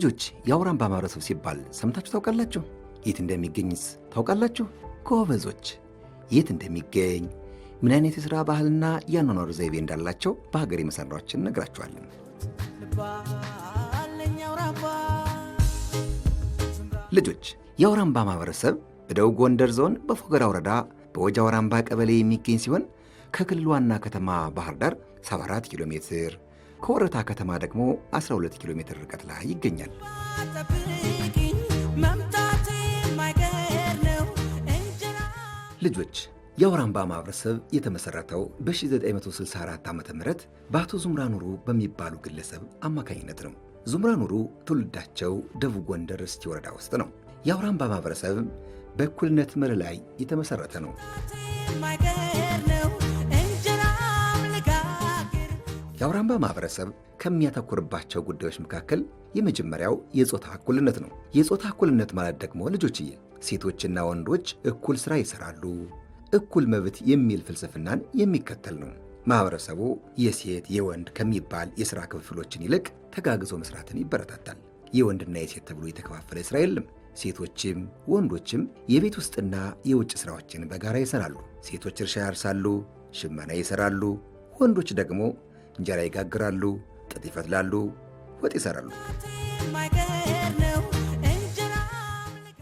ልጆች የአውራምባ ማህበረሰብ ሲባል ሰምታችሁ ታውቃላችሁ? የት እንደሚገኝስ ታውቃላችሁ? ጎበዞች! የት እንደሚገኝ ምን አይነት የሥራ ባህልና ያኗኗር ዘይቤ እንዳላቸው በሀገሬ መሰናዷችን ነግራችኋለን። ልጆች የአውራምባ ማህበረሰብ በደቡብ ጎንደር ዞን በፎገራ ወረዳ በወጃ አውራምባ ቀበሌ የሚገኝ ሲሆን ከክልል ዋና ከተማ ባህር ዳር 74 ኪሎ ሜትር ከወረታ ከተማ ደግሞ 12 ኪሎ ሜትር ርቀት ላይ ይገኛል። ልጆች የአውራምባ ማህበረሰብ የተመሰረተው በ1964 ዓ ም በአቶ ዙምራ ኑሩ በሚባሉ ግለሰብ አማካኝነት ነው። ዙምራ ኑሩ ትውልዳቸው ደቡብ ጎንደር እስቲ ወረዳ ውስጥ ነው። የአውራምባ ማህበረሰብ በእኩልነት መርህ ላይ የተመሰረተ ነው። የአውራምባ ማህበረሰብ ከሚያተኩርባቸው ጉዳዮች መካከል የመጀመሪያው የጾታ እኩልነት ነው። የጾታ እኩልነት ማለት ደግሞ ልጆችዬ፣ ሴቶችና ወንዶች እኩል ሥራ ይሠራሉ፣ እኩል መብት የሚል ፍልስፍናን የሚከተል ነው። ማህበረሰቡ የሴት የወንድ ከሚባል የሥራ ክፍፍሎችን ይልቅ ተጋግዞ መስራትን ይበረታታል። የወንድና የሴት ተብሎ የተከፋፈለ ሥራ የለም። ሴቶችም ወንዶችም የቤት ውስጥና የውጭ ሥራዎችን በጋራ ይሠራሉ። ሴቶች እርሻ ያርሳሉ፣ ሽመና ይሠራሉ፣ ወንዶች ደግሞ እንጀራ ይጋግራሉ፣ ጥጥ ይፈትላሉ፣ ወጥ ይሰራሉ።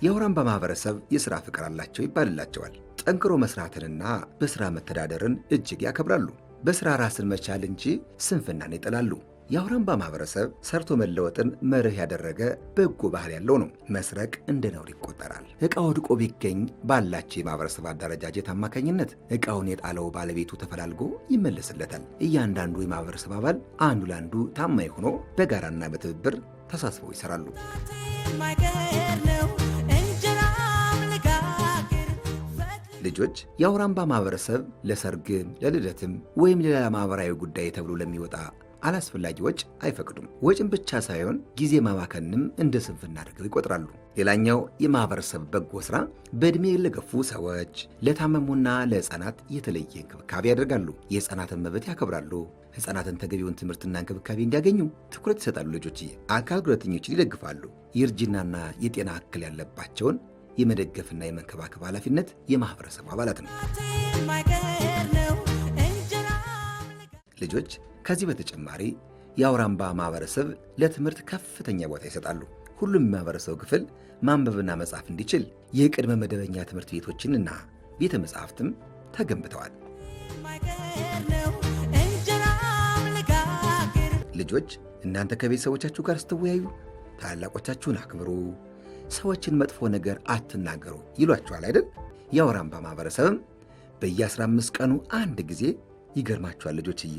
የአውራምባ ማህበረሰብ የሥራ ፍቅር አላቸው ይባልላቸዋል። ጠንክሮ መስራትንና በሥራ መተዳደርን እጅግ ያከብራሉ። በሥራ ራስን መቻል እንጂ ስንፍናን ይጠላሉ። የአውራምባ ማህበረሰብ ሰርቶ መለወጥን መርህ ያደረገ በጎ ባህል ያለው ነው። መስረቅ እንደ ነውር ይቆጠራል። እቃው ወድቆ ቢገኝ ባላቸው የማህበረሰብ አደረጃጀት አማካኝነት እቃውን የጣለው ባለቤቱ ተፈላልጎ ይመለስለታል። እያንዳንዱ የማህበረሰብ አባል አንዱ ለአንዱ ታማኝ ሆኖ በጋራና በትብብር ተሳስበው ይሰራሉ። ልጆች የአውራምባ ማህበረሰብ ለሰርግም ለልደትም ወይም ሌላ ማህበራዊ ጉዳይ ተብሎ ለሚወጣ አላስፈላጊ ወጭ አይፈቅዱም። ወጭን ብቻ ሳይሆን ጊዜ ማባከንም እንደ ስንፍና አድርገው ይቆጥራሉ። ሌላኛው የማህበረሰብ በጎ ስራ በእድሜ ለገፉ ሰዎች፣ ለታመሙና ለህፃናት የተለየ እንክብካቤ ያደርጋሉ። የህፃናትን መብት ያከብራሉ። ህፃናትን ተገቢውን ትምህርትና እንክብካቤ እንዲያገኙ ትኩረት ይሰጣሉ። ልጆች አካል ጉዳተኞችን ይደግፋሉ። የእርጅናና የጤና እክል ያለባቸውን የመደገፍና የመንከባከብ ኃላፊነት የማህበረሰቡ አባላት ነው። ልጆች ከዚህ በተጨማሪ የአውራምባ ማህበረሰብ ለትምህርት ከፍተኛ ቦታ ይሰጣሉ። ሁሉም የማህበረሰቡ ክፍል ማንበብና መጻፍ እንዲችል የቅድመ መደበኛ ትምህርት ቤቶችንና ቤተ መጻሕፍትም ተገንብተዋል። ልጆች እናንተ ከቤተሰቦቻችሁ ጋር ስትወያዩ ታላላቆቻችሁን አክብሩ፣ ሰዎችን መጥፎ ነገር አትናገሩ ይሏችኋል አይደል? የአውራምባ ማህበረሰብም በየ15 ቀኑ አንድ ጊዜ ይገርማችኋል ልጆችዬ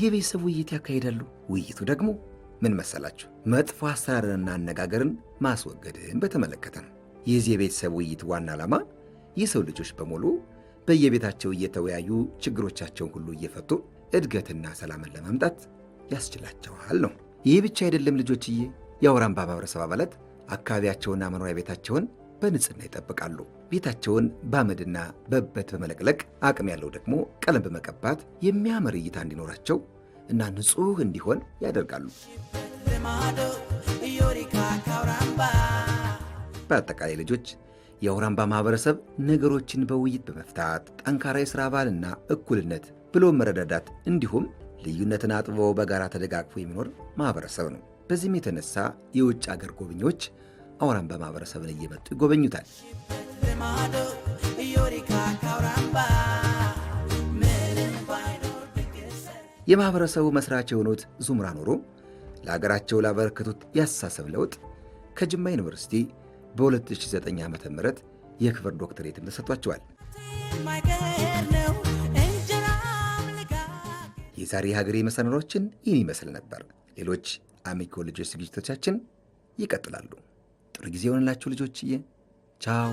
የቤተሰብ ውይይት ያካሂዳሉ። ውይይቱ ደግሞ ምን መሰላችሁ? መጥፎ አሰራርንና አነጋገርን ማስወገድን በተመለከተ ነው። የዚህ የቤተሰብ ውይይት ዋና ዓላማ የሰው ልጆች በሙሉ በየቤታቸው እየተወያዩ ችግሮቻቸውን ሁሉ እየፈቱ እድገትና ሰላምን ለማምጣት ያስችላቸዋል ነው። ይህ ብቻ አይደለም ልጆችዬ። የአውራምባ ማህበረሰብ አባላት አካባቢያቸውና መኖሪያ ቤታቸውን በንጽህና ይጠብቃሉ። ቤታቸውን በአመድና በእበት በመለቅለቅ አቅም ያለው ደግሞ ቀለም በመቀባት የሚያምር እይታ እንዲኖራቸው እና ንጹህ እንዲሆን ያደርጋሉ። በአጠቃላይ ልጆች የአውራምባ ማህበረሰብ ነገሮችን በውይይት በመፍታት ጠንካራ የሥራ ባህልና እኩልነት ብሎ መረዳዳት እንዲሁም ልዩነትን አጥቦ በጋራ ተደጋግፎ የሚኖር ማህበረሰብ ነው። በዚህም የተነሳ የውጭ አገር ጎብኚዎች አውራምባ ማህበረሰብን እየመጡ ይጎበኙታል። የማህበረሰቡ መስራች የሆኑት ዙምራ ኑሩ ለሀገራቸው ላበረከቱት ያሳሰብ ለውጥ ከጅማ ዩኒቨርሲቲ በ2009 ዓ ም የክብር ዶክትሬትም ተሰጥቷቸዋል። የዛሬ የሀገሬ መሰናዶችን ይህን ይመስል ነበር። ሌሎች አሚኮ ልጆች ዝግጅቶቻችን ይቀጥላሉ። ጥሩ ጊዜ የሆነላችሁ ልጆችዬ፣ ቻው።